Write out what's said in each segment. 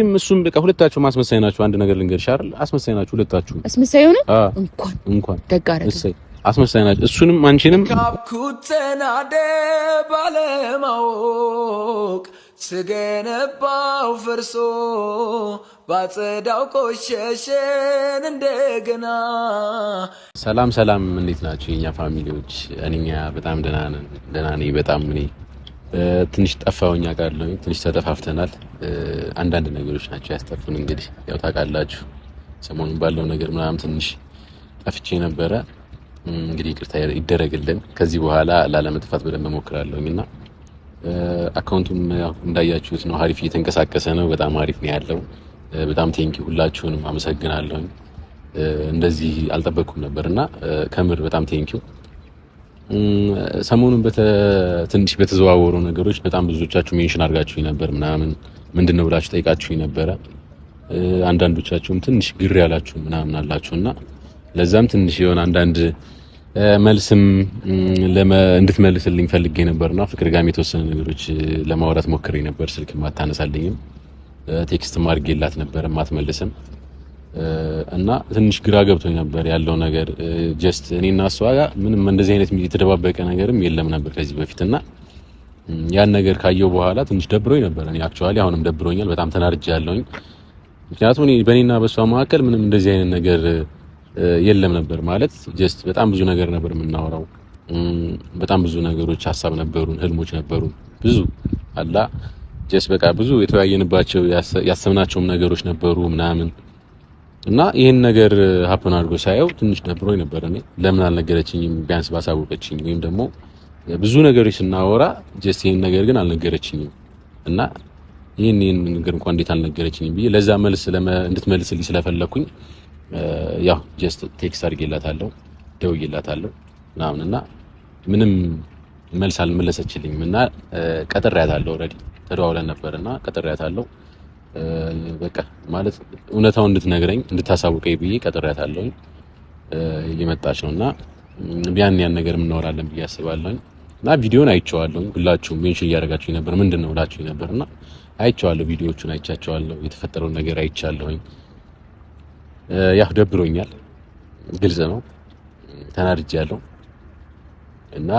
ግን እሱም በቃ ሁለታችሁ አስመሳይ ናችሁ። አንድ ነገር ልንገርሽ አይደል? አስመሳይ ናችሁ ሁለታችሁ። አስመሳይ ሆነ እንኳን እንኳን ደግ አደረገ። እሰይ አስመሳይ ናችሁ። እሱንም አንቺንም ካብኩተናደ ባለማወቅ ስገነባው ፈርሶ ባጸዳው ቆሸሸን እንደገና። ሰላም ሰላም፣ እንዴት ናችሁ የኛ ፋሚሊዎች? እኔኛ በጣም ደህና ነን፣ ደህና ነኝ በጣም እኔ ትንሽ ጠፋውኝ አውቃለሁ። ትንሽ ተጠፋፍተናል። አንዳንድ ነገሮች ናቸው ያስጠፉን። እንግዲህ ያው ታውቃላችሁ፣ ሰሞኑን ባለው ነገር ምናምን ትንሽ ጠፍቼ ነበረ። እንግዲህ ይቅርታ ይደረግልን። ከዚህ በኋላ ላለመጥፋት በደንብ እሞክራለሁኝ እና አካውንቱም እንዳያችሁት ነው፣ ሀሪፍ እየተንቀሳቀሰ ነው። በጣም አሪፍ ነው ያለው። በጣም ቴንኪ ሁላችሁንም አመሰግናለሁኝ። እንደዚህ አልጠበቅኩም ነበር እና ከምር በጣም ቴንኪው ሰሞኑን ትንሽ በተዘዋወሩ ነገሮች በጣም ብዙዎቻችሁ ሜንሽን አድርጋችሁኝ ነበር ምናምን ምንድን ነው ብላችሁ ጠይቃችሁኝ ነበረ። አንዳንዶቻችሁም ትንሽ ግር ያላችሁ ምናምን አላችሁ እና ለዛም ትንሽ የሆነ አንዳንድ መልስም እንድትመልስልኝ ፈልጌ ነበርና ፍቅር ጋም የተወሰነ ነገሮች ለማውራት ሞክሬ ነበር። ስልክ ማታነሳልኝም፣ ቴክስት ማድርጌላት ነበር ማትመልስም እና ትንሽ ግራ ገብቶ ነበር ያለው ነገር። ጀስት እኔና እሷ ጋር ምንም እንደዚህ አይነት የተደባበቀ ነገርም የለም ነበር ከዚህ በፊት እና ያን ነገር ካየው በኋላ ትንሽ ደብሮኝ ነበር። እኔ አክቹዋሊ አሁንም ደብሮኛል፣ በጣም ተናድጄ ያለውኝ። ምክንያቱም እኔ በእኔና በእሷ መካከል ምንም እንደዚህ አይነት ነገር የለም ነበር ማለት ጀስት በጣም ብዙ ነገር ነበር የምናወራው። በጣም ብዙ ነገሮች ሀሳብ ነበሩን፣ ህልሞች ነበሩ፣ ብዙ አላ ጀስት በቃ ብዙ የተወያየንባቸው ያሰብናቸውም ነገሮች ነበሩ ምናምን እና ይህን ነገር ሀፕን አድርጎ ሳየው ትንሽ ደብሮኝ ነበር። እኔ ለምን አልነገረችኝም? ቢያንስ ባሳወቀችኝ። ወይም ደግሞ ብዙ ነገሮች ስናወራ ጀስት ይህን ነገር ግን አልነገረችኝም እና ይህን ይህን ነገር እንኳን እንዴት አልነገረችኝም ብዬ ለዛ መልስ እንድትመልስልኝ ስለፈለግኩኝ ያው ጀስት ቴክስት አድርጌላታለሁ፣ ደውዬላታለሁ ምናምን እና ምንም መልስ አልመለሰችልኝም እና ቀጥሬያታለሁ። ኦልሬዲ ተደዋውለን ነበር እና ቀጥሬያታለሁ በቃ ማለት እውነታው እንድትነግረኝ እንድታሳውቀኝ ብዬ ቀጥሬያታለሁ። እየመጣች ነው እና ያን ያን ነገር እናወራለን ብዬ አስባለሁ እና ቪዲዮን አይቸዋለሁ ሁላችሁም ሜንሽን እያደረጋችሁ ነበር፣ ምንድን ነው ብላችሁ ነበር እና አይቼዋለሁ። ቪዲዮዎቹን አይቻቸዋለሁ። የተፈጠረውን ነገር አይቻለሁኝ። ያው ደብሮኛል፣ ግልጽ ነው። ተናድጄ ያለው እና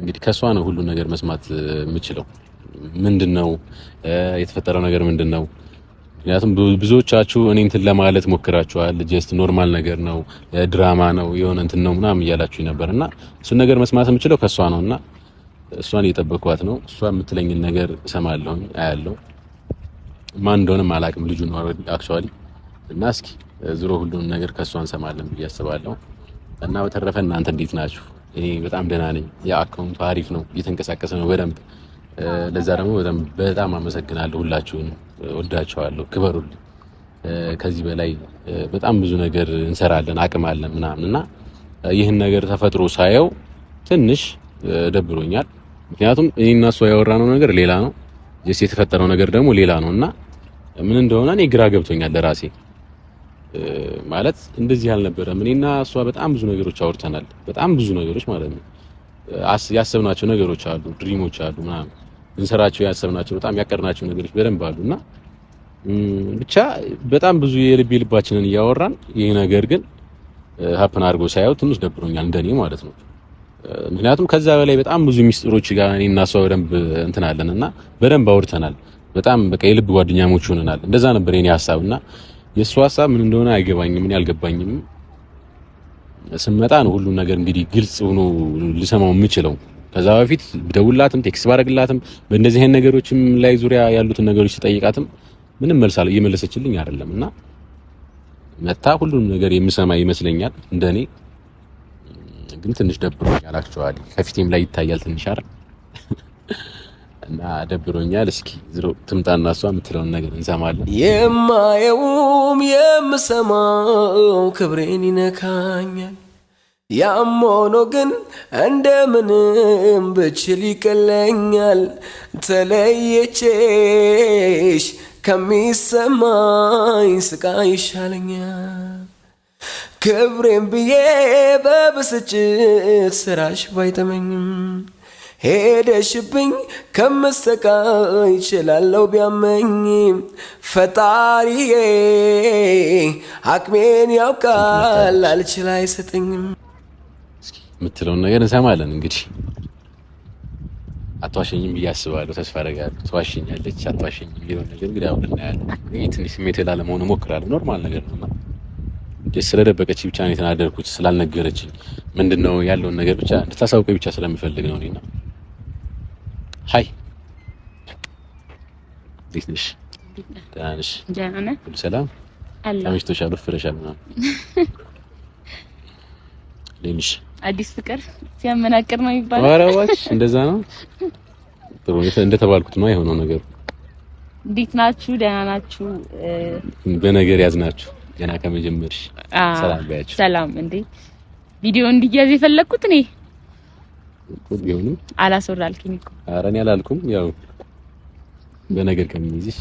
እንግዲህ ከእሷ ነው ሁሉን ነገር መስማት የምችለው። ምንድን ነው የተፈጠረው ነገር ምንድን ነው? ምክንያቱም ብዙዎቻችሁ እኔ እንትን ለማለት ሞክራችኋል። ጀስት ኖርማል ነገር ነው፣ ድራማ ነው፣ የሆነ እንትን ነው ምናምን እያላችሁ ነበር እና እሱን ነገር መስማት የምችለው ከእሷ ነው እና እሷን እየጠበቅኳት ነው። እሷ የምትለኝን ነገር እሰማለሁ፣ አያለው። ማን እንደሆነም አላቅም ልጁ ነው አክቹዋሊ። እና እስኪ ዝሮ ሁሉንም ነገር ከእሷ እንሰማለን ብዬ አስባለሁ። እና በተረፈ እናንተ እንዴት ናችሁ? እኔ በጣም ደህና ነኝ። የአካውንቱ አሪፍ ነው፣ እየተንቀሳቀሰ ነው በደንብ ለዛ ደግሞ በጣም በጣም አመሰግናለሁ። ሁላችሁን ወዳችኋለሁ። ክበሩልኝ። ከዚህ በላይ በጣም ብዙ ነገር እንሰራለን፣ አቅም አለን ምናምን እና ይህን ነገር ተፈጥሮ ሳየው ትንሽ ደብሮኛል። ምክንያቱም እኔ እና እሷ ያወራነው ነገር ሌላ ነው፣ ጀስት የተፈጠረው ነገር ደግሞ ሌላ ነው እና ምን እንደሆነ እኔ ግራ ገብቶኛል ለራሴ ማለት እንደዚህ አልነበረም። እኔና እሷ በጣም ብዙ ነገሮች አውርተናል። በጣም ብዙ ነገሮች ማለት ነው ያሰብናቸው ነገሮች አሉ፣ ድሪሞች አሉ ምናምን ልንሰራቸው ያሰብናቸው በጣም ያቀድናቸው ነገሮች በደንብ አሉና ብቻ በጣም ብዙ የልብ ልባችንን እያወራን ይህ ነገር ግን ሀፕን አድርጎ ሳየው ትንሽ ደብሮኛል፣ እንደኔ ማለት ነው። ምክንያቱም ከዛ በላይ በጣም ብዙ ሚስጥሮች ጋር እኔ እና እሷ በደንብ እንትን እና በደንብ አውርተናል። በጣም በቃ የልብ ጓደኛሞች ሆነናል። እንደዛ ነበር የኔ ሀሳብ እና የእሱ ሀሳብ ምን እንደሆነ አይገባኝም፣ እኔ አልገባኝም። ስመጣ ነው ሁሉም ነገር እንግዲህ ግልጽ ሆኖ ልሰማው የምችለው። ከዛ በፊት ደውላትም ቴክስ ባረግላትም በእነዚህ አይነት ነገሮችም ላይ ዙሪያ ያሉትን ነገሮች ስጠይቃትም ምንም መልስ እየመለሰችልኝ አይደለም እና መታ ሁሉንም ነገር የምሰማ ይመስለኛል እንደኔ ግን ትንሽ ደብሮኛል። አክቹዋሊ ከፊቴም ላይ ይታያል ትንሽ አይደል እና ደብሮኛል። እስኪ ዝሮ ትምጣና እሷ የምትለውን ነገር እንሰማለን። የማየውም የምሰማው ክብሬን ይነካኛል ያም ሆኖ ግን እንደምንም ብችል ይቀለኛል ተለየቼሽ ከሚሰማኝ ስቃ ይሻለኛል። ክብሬም ብዬ በብስጭት ስራሽ ባይተመኝም ሄደሽብኝ ከምሰቃ ይችላለው ቢያመኝም ፈጣሪዬ አቅሜን ያውቃል አልችል አይሰጠኝም። የምትለውን ነገር እንሰማለን። እንግዲህ አትዋሸኝም ብዬ አስባለሁ፣ ተስፋ አደርጋለሁ። ትዋሸኛለች አትዋሸኝም የሚለውን ነገር እንግዲህ አሁን እናያለን። ይህ ትንሽ ስሜት ላለመሆን እሞክራለሁ። ኖርማል ነገር ነው። ደስ ስለደበቀች ብቻ ነው የተናደርኩት፣ ስላልነገረችኝ ምንድን ነው ያለውን ነገር ብቻ እንድታሳውቀ ብቻ ስለምፈልግ ነው። እኔና ሀይ፣ እንዴት ነሽ? ደህና ነሽ? ሁሉ ሰላም? ተመችቶሻል? ወፍረሻል ምናምን ሌንሽ አዲስ ፍቅር ሲያመናቅር ነው የሚባለው። ኧረ እንደዛ ነው። ጥሩ እንደተባልኩት ነው የሆነው ነገሩ። እንዴት ናችሁ? ደህና ናችሁ? በነገር ያዝናችሁ ገና ከመጀመርሽ ሰላም ባያችሁ። ሰላም እንዴ! ቪዲዮ እንዲያዝ የፈለግኩት እኔ ቢሆንም አላስወራልኩኝ እኮ። ኧረ እኔ አላልኩም። ያው በነገር ከሚይዝሽ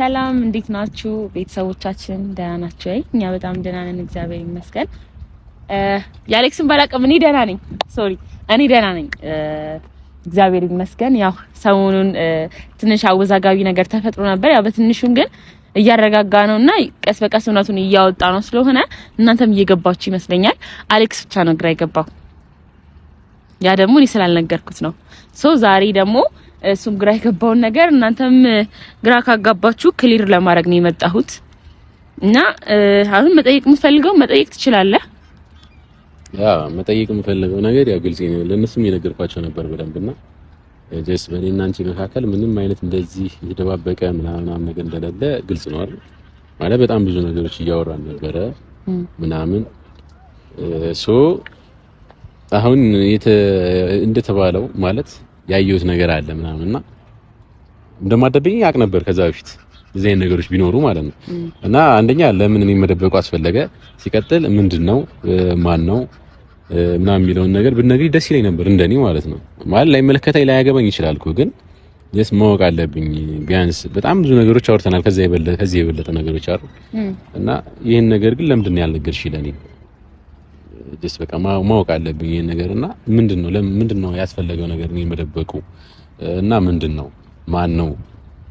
ሰላም እንዴት ናችሁ ቤተሰቦቻችን? ደህና ናችሁ ወይ? እኛ በጣም ደህና ነን፣ እግዚአብሔር ይመስገን። የአሌክስን ባላቅም እኔ ደህና ነኝ። ሶሪ እኔ ደህና ነኝ፣ እግዚአብሔር ይመስገን። ያው ሰሞኑን ትንሽ አወዛጋቢ ነገር ተፈጥሮ ነበር። ያው በትንሹም ግን እያረጋጋ ነው እና ቀስ በቀስ እውነቱን እያወጣ ነው። ስለሆነ እናንተም እየገባችሁ ይመስለኛል። አሌክስ ብቻ ነው ግራ የገባው። ያ ደግሞ እኔ ስላልነገርኩት ነው። ሶ ዛሬ ደግሞ እሱም ግራ የገባውን ነገር እናንተም ግራ ካጋባችሁ ክሊር ለማድረግ ነው የመጣሁት እና አሁን መጠየቅ የምትፈልገው መጠየቅ ትችላለህ። ያ መጠየቅ የምፈልገው ነገር ያው ግልጽ ነው፣ ለእነሱም የነገርኳቸው ነበር በደንብና ጀስ እና አንቺ መካከል ምንም አይነት እንደዚህ የተደባበቀ ምናምን ነገር እንደሌለ ግልጽ ነው አይደል? ማለት በጣም ብዙ ነገሮች እያወራን ነበረ ምናምን ሶ አሁን እንደተባለው ማለት ያየሁት ነገር አለ ምናምን እና እንደማደብኝ ያውቅ ነበር ከዛ በፊት እዚህ አይነት ነገሮች ቢኖሩ ማለት ነው። እና አንደኛ ለምን እኔ መደበቁ አስፈለገ፣ ሲቀጥል ምንድን ነው ማን ነው ምናምን የሚለውን ነገር ብትነግሪኝ ደስ ይለኝ ነበር እንደኔ ማለት ነው። ማለት ላይመለከተኝ ላያገባኝ ይችላል ግን የስ ማወቅ አለብኝ። ቢያንስ በጣም ብዙ ነገሮች አውርተናል። ከዚህ የበለጠ ነገሮች አሉ እና ይህን ነገር ግን ለምንድን ነው ያልነገርሽ ለኔ ጀስት በቃ ማወቅ አለብኝ ይህን ነገር እና ምንድን ነው ምንድን ነው ያስፈለገው ነገር እኔ መደበቁ እና ምንድን ነው ማን ነው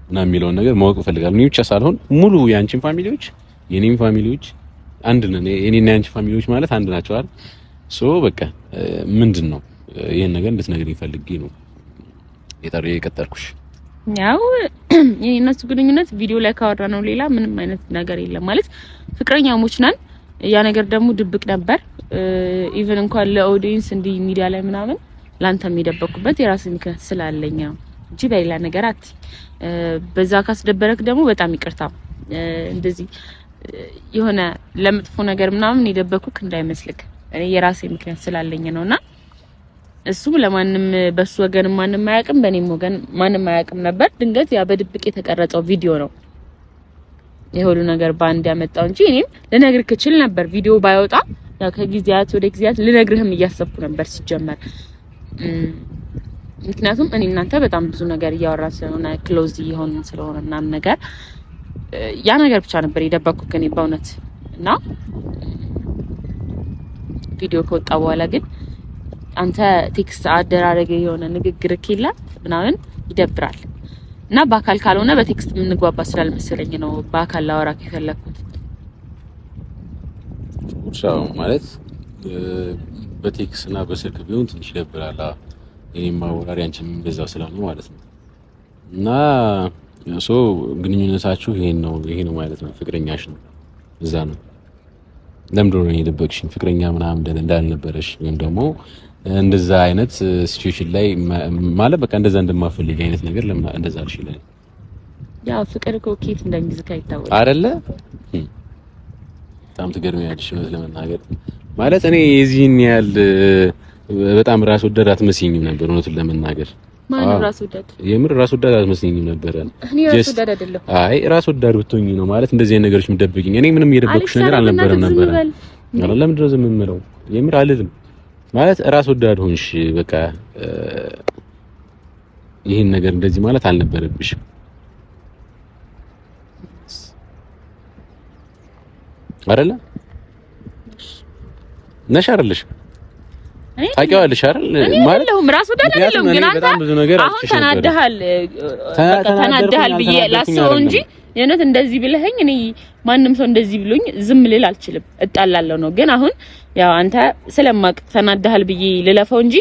እና የሚለውን ነገር ማወቅ እፈልጋለሁ። እኔ ብቻ ሳልሆን ሙሉ የአንቺን ፋሚሊዎች የኔም ፋሚሊዎች አንድ ነን። የኔና የአንቺ ፋሚሊዎች ማለት አንድ ናቸው አይደል? ሶ በቃ ምንድን ነው ይህን ነገር እንድትነግሪኝ ፈልጌ ነው የጠር የቀጠርኩሽ። ያው የእነሱ ግንኙነት ቪዲዮ ላይ ካወራ ነው ሌላ ምንም አይነት ነገር የለም ማለት ፍቅረኛሞች ነን ያ ነገር ደግሞ ድብቅ ነበር። ኢቨን እንኳን ለኦዲየንስ እንዲህ ሚዲያ ላይ ምናምን ላንተ የሚደበቅኩበት የራስ ምክንያት ስላለኝ ነው እንጂ በሌላ ነገራት። በዛ ካስደበረክ ደግሞ በጣም ይቅርታ። እንደዚህ የሆነ ለመጥፎ ነገር ምናምን የደበኩክ እንዳይመስልክ እኔ የራሴ ምክንያት ስላለኝ ነው እና እሱ ለማንም በሱ ወገን ማንም አያውቅም፣ በእኔም ወገን ማንም አያውቅም ነበር። ድንገት ያ በድብቅ የተቀረጸው ቪዲዮ ነው። የሁሉ ነገር ባንድ ያመጣው እንጂ እኔም ልነግርህ እችል ነበር። ቪዲዮ ባይወጣ ያው ከጊዜያት ወደ ጊዜያት ልነግርህም እያሰብኩ ነበር ሲጀመር። ምክንያቱም እኔ እናንተ በጣም ብዙ ነገር እያወራ ስለሆነ ክሎዝ እየሆን ስለሆነ ምናምን ነገር ያ ነገር ብቻ ነበር የደበኩት እኔ በእውነት እና ቪዲዮ ከወጣ በኋላ ግን አንተ ቴክስት አደራረገ የሆነ ንግግር ኪላ ምናምን ይደብራል። እና በአካል ካልሆነ በቴክስት የምንግባባ ስላልመሰለኝ ነው በአካል ላወራክ የፈለግኩት። ሻው ማለት በቴክስ እና በስልክ ቢሆን ትንሽ ይደብራል። ይህ ማወራሪ አንቺም እንደዛ ስላሉ ማለት ነው። እና ሶ ግንኙነታችሁ ይሄን ነው ይሄ ነው ማለት ነው። ፍቅረኛሽ ነው እዛ ነው። ለምንድን ነው የደበቅሽኝ? ፍቅረኛ ምናምን እንዳልነበረሽ ወይም ደግሞ እንደዛ አይነት ሲቹዌሽን uh, ላይ ማለት በቃ እንደዛ እንደማፈልግ አይነት ነገር ለምን እንደዛ አልሽ? ላይ ያ ፍቅር እኮ ኬት እንደሚዝካ ይታወቃል አይደለ? በጣም ትገርሚያለሽ። ለመናገር ማለት እኔ የዚህን ያህል uh, በጣም ራስ ወዳድ አትመስኝም ነበር እውነቱን ለመናገር ማን ራስ ወዳድ የምር ራስ ወዳድ አትመስኝም ነበር። እኔ ራስ ወዳድ አይደለሁ። አይ ራስ ወዳድ ብትሆኚ ነው ማለት እንደዚህ አይነት ነገሮች የምትደብቂኝ። እኔ ምንም እየደበኩሽ ነገር አልነበረም ነበር አይደለም። ለምንድን ነው ዝም የምለው? የምር አልልም ማለት ራስ ወዳድ ሆንሽ። በቃ ይህን ነገር እንደዚህ ማለት አልነበረብሽም። አይደለ ነሽ አይደለሽ? ታውቂዋለሽ አይደል? ማለት ራስ ወዳድ አይደለም፣ ግን አንተ አሁን ተናደሃል። ተናደሃል ብዬ ላስበው እንጂ የእውነት እንደዚህ ብለኸኝ እኔ ማንም ሰው እንደዚህ ብሎኝ ዝም ልል አልችልም፣ እጣላለሁ ነው። ግን አሁን ያው አንተ ስለማቅ ተናደሃል ብዬ ልለፈው እንጂ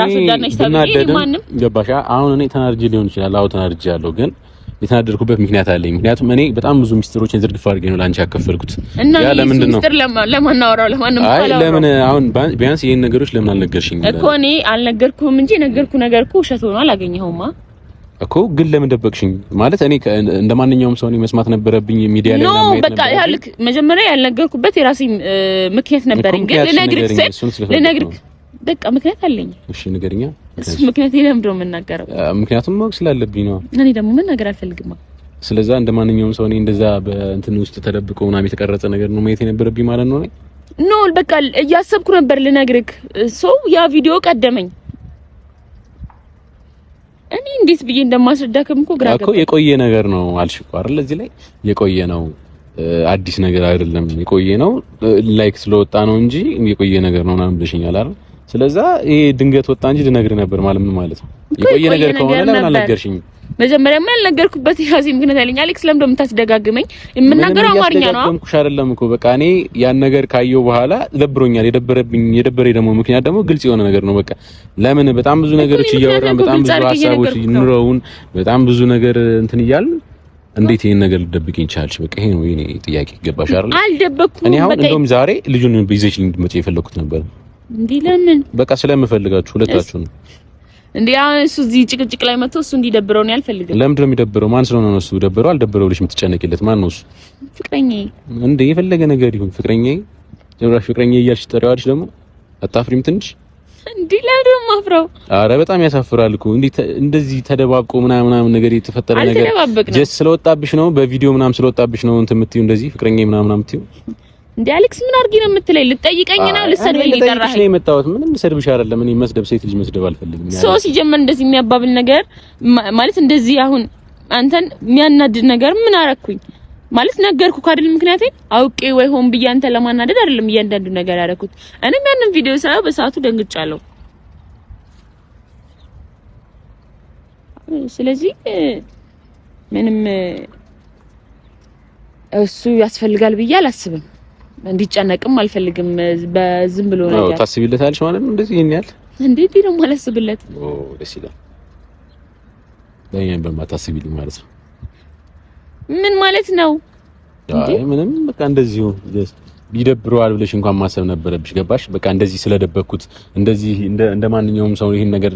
ራሱ እንዳነሽ ታብዬ ማንም ገባሽ። አሁን እኔ ተናድጄ ሊሆን ይችላል። አዎ ተናድጃለሁ ግን የተናደድኩበት ምክንያት አለኝ። ምክንያቱም እኔ በጣም ብዙ ሚስጥሮችን ዝርግፍ አድርጌ ነው ለአንቺ ያከፈልኩት። ያ ለምንድን ነው ሚስጥር ለማናወራው ለማንም አይ ለምን አሁን ቢያንስ ይሄን ነገሮች ለምን አልነገርሽኝ እኮ እኔ አልነገርኩም እንጂ የነገርኩ ነገር እኮ ውሸት ሆኖ አላገኘኸውማ እኮ ግን ለምን ደበቅሽኝ? ማለት እኔ እንደ ማንኛውም ሰው መስማት ነበረብኝ ሚዲያ ላይ ነው። በቃ ያልክ መጀመሪያ ያልነገርኩበት የራሴ ምክንያት ነበረኝ፣ ግን ልነግርህ ልነግርህ በቃ ምክንያት አለኝ። እሺ ንገሪኛ። እሱ ምክንያት ለምንድን ነው የምናገረው? ምክንያቱም ማወቅ ስላለብኝ ነው። እኔ ደግሞ መናገር አልፈልግም። ስለዛ እንደ ማንኛውም ሰው እኔ እንደዛ በእንትን ውስጥ ተደብቆ ምናምን የተቀረጸ ነገር ነው ማየት የነበረብኝ ማለት ነው። ኖ በቃ እያሰብኩ ነበር ልነግርህ። ሰው ያ ቪዲዮ ቀደመኝ እኔ እንዴት ብዬ እንደማስረዳክም እኮ ግራ ገባ። የቆየ ነገር ነው አልሽ እኮ አይደል? እዚህ ላይ የቆየ ነው አዲስ ነገር አይደለም። የቆየ ነው ላይክ ስለወጣ ነው እንጂ የቆየ ነገር ነው ምናምን ብለሽኛል አይደል? ስለዛ ይሄ ድንገት ወጣ እንጂ ልነግርህ ነበር ማለት ምን ማለት ነው? የቆየ ነገር ከሆነ ለምን አልነገርሽኝም? መጀመሪያ ምን ያልነገርኩበት ያዚህ ምክንያት አለኝ። አሌክስ ለምን እንደምታስደጋግመኝ የምናገረው አማርኛ ነው። ደምኩሽ አይደለም እኮ በቃ እኔ ያን ነገር ካየው በኋላ ደብሮኛል። የደበረብኝ የደበረ ደግሞ ምክንያት ደግሞ ግልጽ የሆነ ነገር ነው። በቃ ለምን በጣም ብዙ ነገሮች እያወራን በጣም ብዙ ሀሳቦች ኑረውን በጣም ብዙ ነገር እንትን እያልን እንዴት ይሄን ነገር ልደብቅኝ ቻልሽ? በቃ ይሄ ነው የኔ ጥያቄ። ይገባሽ አይደል? አልደበኩም። እኔ አሁን እንደውም ዛሬ ልጁን ይዘሽ ልትመጪ የፈለኩት ነበር። እንዴ ለምን? በቃ ስለምፈልጋችሁ ሁለታችሁ ነው እንዴ አሁን እሱ እዚህ ጭቅጭቅ ላይ መጥቶ እሱ እንዲደብረው ነው ያልፈልገው። ለምንድን ነው የሚደብረው? ማን ስለሆነ ነው እሱ? ደብረው አልደብረው ብለሽ የምትጨነቂለት ማን ነው እሱ? ፍቅረኛዬ። እንዴ የፈለገ ነገር ይሁን ፍቅረኛዬ፣ ጭራሽ ፍቅረኛዬ እያልሽ ትጠሪዋለሽ። ደግሞ አታፍሪም ትንሽ? እንዴ ለምንድን ነው የማፍረው? አረ በጣም ያሳፍራል እኮ እንዴ! እንደዚህ ተደባብቆ ምናምን ምናምን ነገር የተፈጠረ ነገር ጀስ ስለወጣብሽ ነው፣ በቪዲዮ ምናምን ስለወጣብሽ ነው እንትን የምትይው እንደዚህ ፍቅረኛዬ ምናምን ምናምን የምትይው እንዴ አሌክስ ምን አድርጊ ነው የምትለኝ? ልጠይቀኝ ነው ልሰድበኝ? ሊጠራሽ ነው የመጣሁት። ምንም ልሰድብሽ አይደለም። እኔ መስደብ ሴት ልጅ መስደብ አልፈልግም። ሰው ሲጀመር እንደዚህ የሚያባብል ነገር ማለት እንደዚህ አሁን አንተን የሚያናድድ ነገር ምን አረኩኝ ማለት ነገርኩ ካደል ምክንያቴ አውቄ ወይ ሆን ብዬ አንተ ለማናደድ አይደለም እያንዳንዱ ነገር ያደረኩት። እኔም ያንን ቪዲዮ ሳየው በሰዓቱ ደንግጫለሁ። ስለዚህ ምንም እሱ ያስፈልጋል ብዬ አላስብም። እንዲጨነቅም አልፈልግም። በዝም ብሎ ነገር ታስቢለታለሽ ማለት ነው። እንደዚህ ይሄን ያህል እንዴት ደግሞ አላስብለት። ኦ ደስ ይላል። ለኛም በማታስቢልኝ ማለት ነው። ምን ማለት ነው? አይ ምንም በቃ እንደዚሁ ይደብረዋል ብለሽ እንኳን ማሰብ ነበረብሽ። ገባሽ? በቃ እንደዚህ ስለደበኩት እንደዚህ እንደ ማንኛውም ሰው ይሄን ነገር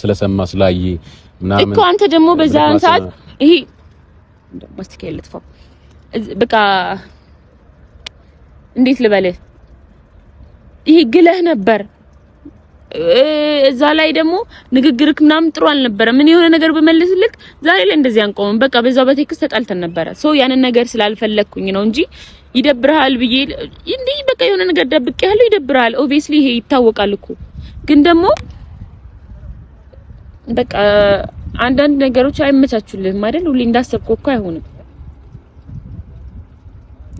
ስለሰማ ስላየ ምናምን እኮ አንተ ደግሞ በዛን ሰዓት ይሄ ማስቲካ የለጥፋው በቃ እንዴት ልበልህ ይሄ ግለህ ነበር። እዛ ላይ ደግሞ ንግግርክ ምናምን ጥሩ አልነበረ ምን የሆነ ነገር በመልስልክ ዛሬ ላይ እንደዚህ አንቆምም። በቃ በዛው በቴክስት ተጣልተን ነበረ። ሶ ያንን ነገር ስላልፈለግኩኝ ነው እንጂ ይደብርሃል ብዬ እንዴ በቃ የሆነ ነገር ደብቅ ያለው ይደብርሃል። ኦብቪስሊ ይሄ ይታወቃል እኮ ግን ደግሞ በቃ አንዳንድ ነገሮች አይመቻቹልህም አይደል? ሁሌ እንዳሰብከው እኮ አይሆንም።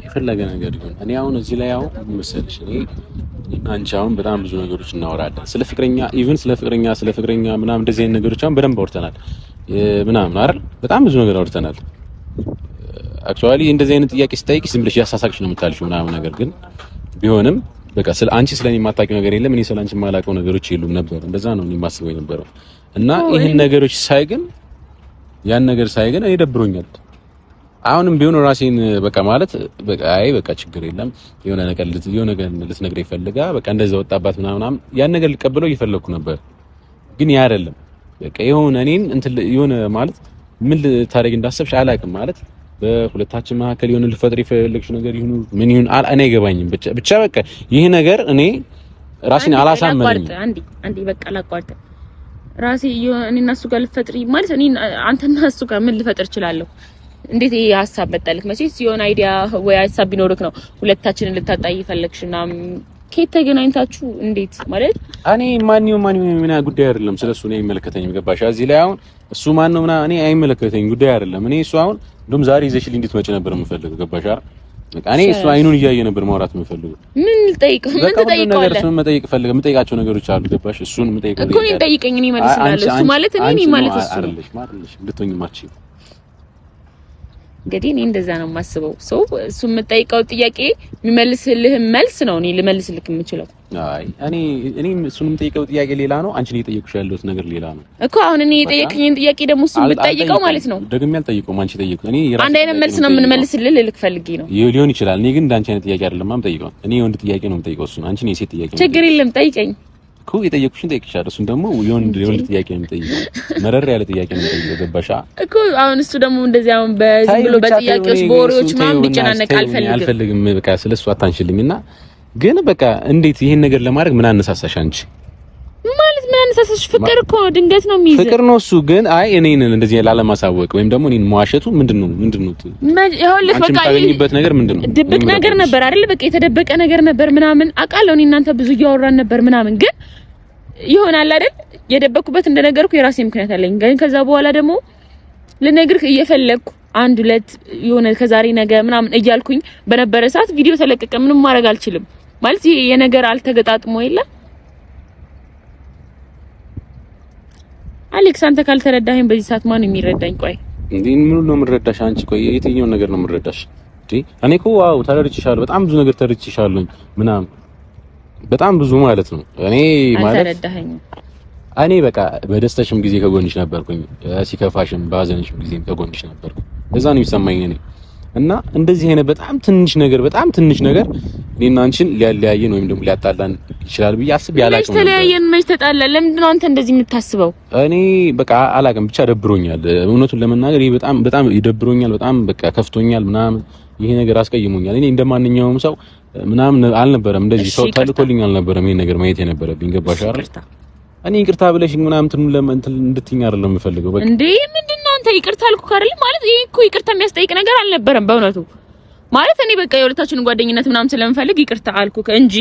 የፈለገ ነገር ይሁን። እኔ አሁን እዚህ ላይ ያው መሰልሽ እኔ አንቺ አሁን በጣም ብዙ ነገሮች እናወራለን ስለ ፍቅረኛ ኢቭን ስለ ፍቅረኛ ስለ ፍቅረኛ ምናምን እንደዚህ አይነት ነገሮች አሁን በደንብ አውርተናል ምናምን አይደል? በጣም ብዙ ነገር አውርተናል። አክቹአሊ እንደዚህ አይነት ጥያቄ ስጠይቅ ዝም ብለሽ ያሳሳቅሽ ነው የምታልሽው ምናምን ነገር ግን ቢሆንም በቃ ስለ አንቺ ስለኔ እኔ የማታውቂው ነገር የለም፣ እኔ ስለ አንቺ የማላውቀው ነገሮች የሉም ነበር። እንደዛ ነው እኔ የማስበው የነበረው እና ይህን ነገሮች ሳይ ግን ያን ነገር ሳይ ግን እኔ ደብሮኛል። አሁንም ቢሆን ራሴን በቃ ማለት በቃ አይ በቃ ችግር የለም የሆነ ነገር ልት የሆነ ነገር ልትነግረኝ ፈልጋ በቃ እንደዛ ወጣባት ምናምን ያን ነገር ልቀበለው እየፈለኩ ነበር፣ ግን ያ አይደለም። በቃ የሆነ እኔን እንትን የሆነ ማለት ምን ልታደርጊ እንዳሰብሽ አላውቅም። ማለት በሁለታችን መካከል የሆነ ልፈጥሪ የፈለግሽው ነገር ይሁን ምን ይሁን አላ እኔ አይገባኝም። ብቻ ብቻ በቃ ይሄ ነገር እኔ ራሴን አላሳመነኝም። አንዴ አንዴ በቃ ላቋርጥ ራሴ እኔና እሱ ጋር ልፈጥሪ ማለት እኔ አንተና እሱ ጋር ምን ልፈጥር እችላለሁ? እንዴት ይሄ ሀሳብ መጣልክ? መቼስ የሆነ አይዲያ ወይ ሀሳብ ቢኖርክ ነው ሁለታችንን ልታጣይ ፈለግሽና ከየት ተገናኝታችሁ እንዴት ማለት እኔ ማንኛው ማንኛው የምን ጉዳይ አይደለም። ስለሱ ነው የሚመለከተኝ። ገባሽ? እዚህ ላይ አሁን እሱ ማን ነው ምና እኔ አይመለከተኝ ጉዳይ አይደለም። እኔ እሱ አሁን እንደውም ዛሬ ይዘሽልኝ እንድትመጪ ነበር የምፈልገው። ገባሽ? እኔ እሱ አይኑን እያየ ነበር ማውራት የምፈልገው። ምን ልጠይቀው? ምን ትጠይቀዋለህ? እሱን መጠየቅ ፈልገህ የምጠይቃቸው ነገሮች አሉ። ገባሽ? እሱን የምጠይቀው እኮ እኔን ጠይቀኝ፣ እኔ እመልስልሃለሁ። እሱ ማለት እኔ ማለት እሱ አይደለሽ ማለት ልትሆኚ ማችኝ እንግዲህ እኔ እንደዛ ነው የማስበው። ሰው እሱ የምጠይቀው ጥያቄ የሚመልስልህ መልስ ነው እኔ ልመልስልህ የምችለው። አይ እኔ እኔ እሱን የምጠይቀው ጥያቄ ሌላ ነው፣ አንቺ ነው የጠየቅሽ ያለሁት ነገር ሌላ ነው እኮ። አሁን እኔ የጠየቅኝን ጥያቄ ደግሞ እሱ የምጠይቀው ማለት ነው። ደግሜ አልጠይቀውም፣ አንቺ ጠይቀው። እኔ አንድ አይነት መልስ ነው የምንመልስልህ ልልክ ፈልጌ ነው። ሊሆን ይችላል። እኔ ግን እንዳንቺ አይነት ጥያቄ አይደለም የምጠይቀው። እኔ የወንድ ጥያቄ ነው የምጠይቀው እሱን። አንቺ ነው የሴት ጥያቄ። ችግር የለም ጠይቀኝ። እኮ የጠየኩሽን ጠይቅሻለሁ። እሱን ደግሞ የወንድ የወንድ ጥያቄ ነው የሚጠይቀው፣ መረር ያለ ጥያቄ ነው የሚጠይቀው። ገባሽ እኮ አሁን እሱ ደግሞ እንደዚህ አሁን በዝም ብሎ በጥያቄዎች በወሬዎች ምናምን እንዲጨናነቅ አልፈልግም አልፈልግም። በቃ ስለሱ አታንሽልኝና፣ ግን በቃ እንዴት ይሄን ነገር ለማድረግ ምን አነሳሳሽ አንቺ? ማለት ምን አነሳሳሽ? ፍቅር እኮ ድንገት ነው የሚይዝ ፍቅር ነው እሱ። ግን አይ እኔን እንደዚህ ላለማሳወቅ ወይም ደግሞ እኔን መዋሸቱ ምንድነው ምንድነው? ይኸውልህ በቃ የምታገኝበት ነገር ምንድነው? ድብቅ ነገር ነበር አይደል? በቃ የተደበቀ ነገር ነበር ምናምን አውቃለሁ። እኔ እናንተ ብዙ እያወራን ነበር ምናምን፣ ግን ይሆናል አይደል? የደበቅኩበት እንደነገርኩ የራሴ ምክንያት አለኝ። ግን ከዛ በኋላ ደግሞ ልነግርህ እየፈለግኩ አንድ ሁለት የሆነ ከዛሬ ነገ ምናምን እያልኩኝ በነበረ ሰዓት ቪዲዮ ተለቀቀ። ምንም ማድረግ አልችልም ማለት ይሄ የነገር አልተገጣጥሞ የለም አሌክስ አንተ ካልተረዳኸኝ በዚህ ሰዓት ማን የሚረዳኝ? ቆይ እንዴ ምን ነው የምረዳሽ አንቺ? ቆይ የትኛውን ነገር ነው የምረዳሽ? እንዴ እኔ እኮ ዋው ተረድቼሻለሁ፣ በጣም ብዙ ነገር ተረድቼሻለሁ፣ ምናምን በጣም ብዙ ማለት ነው። እኔ ማለት እኔ በቃ በደስተሽም ጊዜ ከጎንሽ ነበርኩኝ፣ ሲከፋሽም በሀዘንሽም ጊዜ ከጎንሽ ነበርኩ። እዛ ነው የሚሰማኝ እኔ እና እንደዚህ አይነት በጣም ትንሽ ነገር በጣም ትንሽ ነገር እኔና አንቺን ሊያለያየን ወይም ደግሞ ሊያጣላን ይችላል ብዬ አስቤ አላቅም። መች ተለያየን፣ መች ተጣላን? ለምንድን ነው አንተ እንደዚህ የምታስበው? እኔ በቃ አላቅም፣ ብቻ ደብሮኛል። እውነቱን ለመናገር በጣም በጣም ይደብሮኛል፣ በጣም በቃ ከፍቶኛል፣ ምናምን ይሄ ነገር አስቀይሞኛል። እኔ እንደማንኛውም ሰው ምናምን አልነበረም፣ እንደዚህ ሰው ተልኮልኝ አልነበረም ይሄ ነገር ማየት የነበረብኝ። ገባሽ አይደል? እኔ ይቅርታ ብለሽ ምናምን እንትኑ ለምን እንድትኛ አይደለም የምፈልገው። በቃ እንዴ ምንድን ነው አንተ ይቅርታ አልኩህ አይደል? ማለት ይሄ እኮ ይቅርታ የሚያስጠይቅ ነገር አልነበረም በእውነቱ ማለት እኔ በቃ የሁለታችንን ጓደኝነት ምናምን ስለምፈልግ ይቅርታ አልኩ እንጂ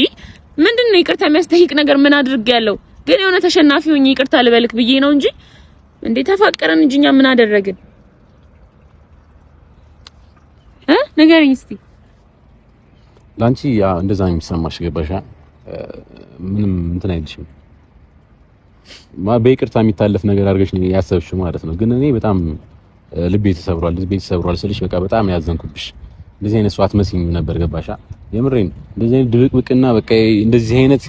ምንድን ነው ይቅርታ የሚያስጠይቅ ነገር ምን አድርግ ያለው ግን የሆነ ተሸናፊ ሆኝ ይቅርታ ልበልክ ብዬ ነው እንጂ እንዴ ተፋቀረን እንጂ እኛ ምን አደረግን እ ንገረኝ እስቲ። ላንቺ ያ እንደዛ ነው የሚሰማሽ፣ ገባሽ? ምንም እንትን አይልሽም። ማ በይቅርታ የሚታለፍ ነገር አድርገሽ ያሰብሽ ማለት ነው። ግን እኔ በጣም ልቤ ተሰብሯል፣ ልቤ ተሰብሯል ስልሽ በቃ በጣም ያዘንኩብሽ እንደዚህ አይነት ሰው አትመስይም ነበር። ገባሻ? የምሬን እንደዚህ አይነት ድብቅብቅና በቃ እንደዚህ አይነት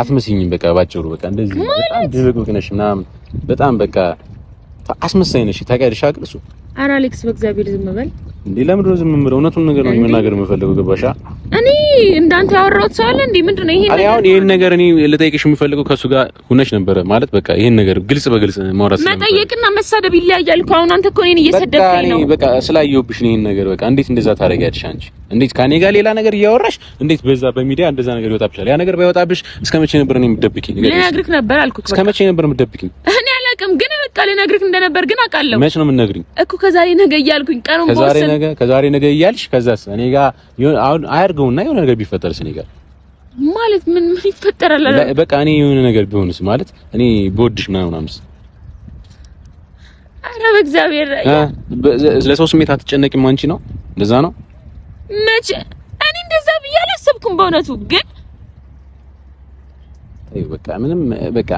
አትመስኝም። በቃ ባጭሩ በቃ እንደዚህ በጣም ድብቅብቅ ነሽ ምናምን በጣም በቃ አስመሳይ ነሽ። ታውቂያለሽ አይደል? እሱ ኧረ አሌክስ በእግዚአብሔር ዝም በል እንዴ ለምን ነው ዝም ብለው? እውነቱን ነገር ነው መናገር የምፈልገው። ገባሻ? እኔ እንዳንተ ያወራሁት ሰው አለ እንዴ? ምንድን ነው ይሄን ነገር? አሁን ይሄን ነገር እኔ ልጠይቅሽ የምፈልገው ከእሱ ጋር ሁነሽ ነበረ ማለት በቃ ይሄን ነገር ግልጽ በግልጽ ማውራት ነው። መጠየቅና መሳደብ ይለያያል እኮ። አሁን አንተ እኮ እኔን እየሰደብከኝ ነው። በቃ በቃ ስላየሁብሽ ነው ይሄን ነገር። በቃ እንዴት እንደዛ ታደርጊያለሽ አንቺ? እንዴት ከእኔ ጋር ሌላ ነገር እያወራሽ እንዴት በዛ በሚዲያ እንደዛ ነገር ይወጣብሻል? ያ ነገር ባይወጣብሽ እስከመቼ ነበር እኔ የምትደብቂኝ? ልነግርህ ነበር አልኩህ። እስከመቼ ነበር የምትደብቂኝ? አላውቅም፣ ግን በቃ ልነግርህ እንደነበር ግን አውቃለሁ። መች ነው የምንነግሪኝ እኮ ከዛሬ ነገ እያልኩኝ ቀኑን ከዛሬ ነገ ከዛሬ ነገ እያልሽ ከዛስ እኔ ጋር አሁን አያርገውና የሆነ ነገር ቢፈጠርስ እኔ ጋር ማለት ምን ምን ይፈጠራል? በቃ እኔ የሆነ ነገር ቢሆንስ ማለት እኔ ብወድሽ ምናምን አምስ አረ በእግዚአብሔር ለሰው ስሜት አትጨነቂም አንቺ ነው እንደዛ ነው መቼ እኔ እንደዛ ብዬ አላሰብኩም በእውነቱ ግን በቃ ምንም በቃ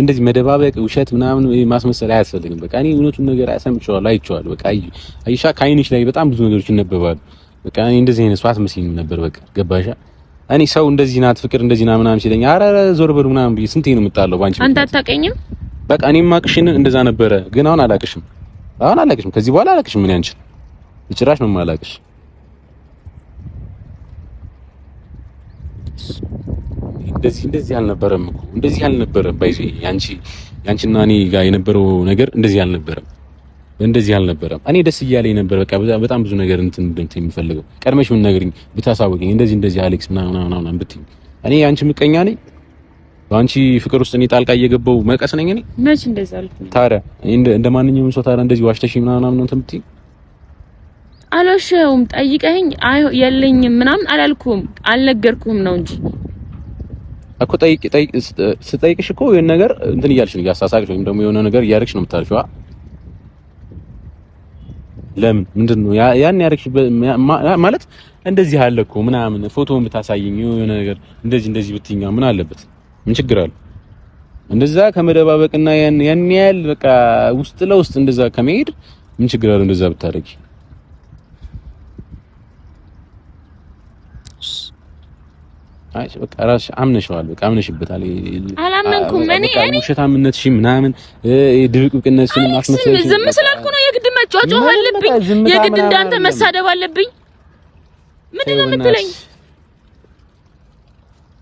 እንደዚህ መደባበቅ፣ ውሸት ምናምን ማስመሰል አያስፈልግም። በቃ እኔ እውነቱን ነገር ሰምቼዋለሁ፣ አይቼዋለሁ። በቃ አይሻ ከአይንሽ ላይ በጣም ብዙ ነገሮች ይነበባሉ። በቃ እኔ እንደዚህ አይነት ሰው አትመስይም ነበር። በቃ ገባሻ? እኔ ሰው እንደዚህ ናት ፍቅር እንደዚህ ናት ምናምን ሲለኝ አረ ዞር በሉ ምናምን ብዬሽ ስንቴ ነው የምጣለው ባንቺ። አንተ አታውቀኝም። በቃ እኔ ማቅሽን እንደዛ ነበረ፣ ግን አሁን አላቅሽም። አሁን አላቅሽም። ከዚህ በኋላ አላቅሽም። ምን ያንቺ ጭራሽ ነው የማላውቅሽ። እንደዚህ እንደዚህ አልነበረም እኮ እንደዚህ አልነበረም። ባይዚ ያንቺ ያንቺና እኔ ጋር የነበረው ነገር እንደዚህ አልነበረም፣ እንደዚህ አልነበረም። እኔ ደስ እያለኝ ነበር። በቃ በጣም ብዙ ነገር እንትን እንትን የሚፈልገው ቀድመሽ ምን ነገርኝ ብታሳውቂኝ፣ እንደዚህ እንደዚህ አሌክስ ምናምን ምናምን ምናምን ብትይኝ፣ እኔ ያንቺ ምቀኛ ነኝ። በአንቺ ፍቅር ውስጥ እኔ ጣልቃ እየገባሁ መቀስ ነኝ እኔ መች እንደዛ አልኩኝ። ታዲያ እንደ ማንኛውም ሰው ታዲያ እንደዚህ ዋሽተሽ ምናምን ምናምን እንትን ብትይኝ አልዋሸሁም። ጠይቀኸኝ የለኝም ምናምን አላልኩም አልነገርኩም ነው እንጂ እኮ ጠይቅ ጠይቅ ስጠይቅሽ እኮ ይሄን ነገር እንትን እያልሽ ነው እያሳሳቅሽ ወይም ደግሞ የሆነ ነገር እያደረግሽ ነው የምታልፊው። ለምን ምንድን ነው ያን ያደረግሽ ማለት እንደዚህ አለ እኮ ምናምን ፎቶውን ብታሳይኝ የሆነ ነገር እንደዚህ እንደዚህ ብትኛ ምን አለበት? ምን ችግር አለ? እንደዛ ከመደባበቅና ያን ያን ያህል በቃ ውስጥ ለውስጥ እንደዛ ከመሄድ ምን ችግር አለ? እንደዛ ብታደርጊ አይ በቃ እራስሽ አምነሽዋል። በቃ አምነሽበታል። አላመንኩም። እኔ እኔ ውሸታምነትሽ ምናምን ድብቅብቅነትሽን ማስመሰል ዝም ስላልኩ ነው የግድ መጫጫው አለብኝ፣ የግድ እንዳንተ መሳደብ አለብኝ። ምንድን ነው የምትለኝ?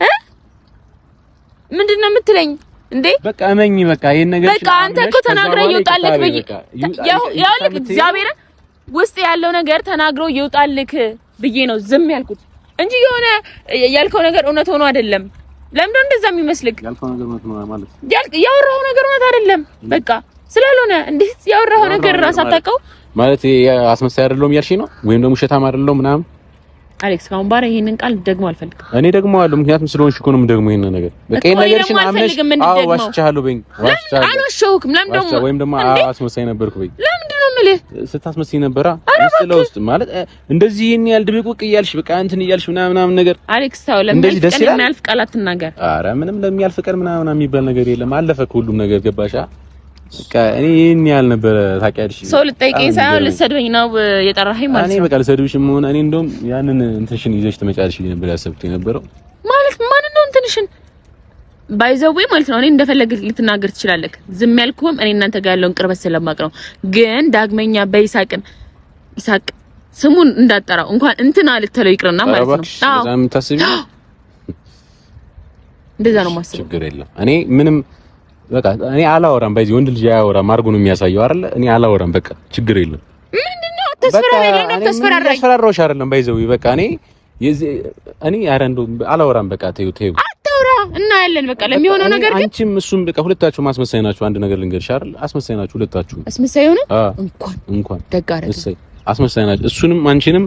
እ ምንድን ነው የምትለኝ? እንዴ በቃ እመኝ። በቃ ይሄን ነገር በቃ አንተ እኮ ተናግረህ ይውጣልክ በይ። ያው ልክ እግዚአብሔርን ውስጥ ያለው ነገር ተናግረው ይውጣልክ ብዬ ነው ዝም ያልኩት። እንጂ የሆነ ያልከው ነገር እውነት ሆኖ አይደለም። ለምን እንደዛ የሚመስልክ? ያልከው ነገር እውነት ነው ማለት ያልከው ያወራው ነገር እውነት አይደለም። በቃ ስላልሆነ እንዴት ያወራው ነገር ራስ አታውቀው ማለት አስመሳይ አይደለም እያልሽኝ ነው ወይም ደግሞ ውሸታም አይደለም ምናምን አሌክስ ካሁን ባረ ይሄንን ቃል ደግሞ አልፈልግም። እኔ ደግሞ አለው ምክንያቱም ስለሆንሽ እኮ ነው የምደግመው ይሄንን ነገር በቃ ይሄን ነገር ሽን አምነሽ አዎ ዋሽቻለሁ በይኝ። ዋሽቻለሁ አልዋሸሁህም። ለምን ደግሞ ወይም ደግሞ አስመሳይ ነበርኩ በይኝ። ለምንድን ነው የምልህ ስታስመስይ ነበራ ስለ ውስጥ ማለት እንደዚህ ይሄን ያህል ድብቁቅ እያልሽ በቃ እንትን እያልሽ ምናምን ምናምን ነገር አሌክስ ታው ለምን እንደዚህ ደስ ይላል የሚያልፍ ቃላት አትናገር። ኧረ ምንም ለሚያልፍ ቀን ምናምን የሚባል ነገር የለም። አለፈ ሁሉም ነገር ገባሻ በቃ እኔ ይሄን ያህል ነበረ። ታውቂያለሽ፣ ሰው ልጠይቀኝ ሳይሆን ልትሰድበኝ ነው የጠራኸኝ ማለት ነው። እኔ በቃ ልትሰድብሽም ሆነ እኔ እንደውም ያንን እንትንሽን ይዘሽ ትመጫለሽ ነበር ያሰብኩት የነበረው ማለት ማን ነው እንትንሽን ባይዘዌ ማለት ነው። እኔ እንደፈለግ ልትናገር ትችላለህ። ዝም ያልኩህም እኔ እናንተ ጋር ያለውን ቅርበት ስለማቅ ነው። ግን ዳግመኛ በይሳቅን ይሳቅ ስሙን እንዳጠራው እንኳን እንትን አልተለው ይቅርና ማለት ነው። እንደዛ ነው የማስበው። ችግር የለም እኔ ምንም በቃ እኔ አላወራም። በዚህ ወንድ ልጅ አያወራም አድርጎ ነው የሚያሳየው አይደል? እኔ አላወራም። በቃ ችግር የለም። ምንድነው አታስፈራራሽ አይደለም? ባይዘው በቃ እኔ የዚህ እኔ ኧረ እንደው አላወራም። በቃ ተይው ተይው፣ አታውራ እና ያለን በቃ ለሚሆነው ነገር ግን አንቺም እሱም በቃ ሁለታችሁም አስመሳይ ናችሁ። አንድ ነገር ልንገርሽ አይደል? አስመሳይ ናችሁ ሁለታችሁም። አስመሳይ ሆነ እንኳን እንኳን ደግ አይደለም። አስመሳይ ናችሁ እሱንም አንቺንም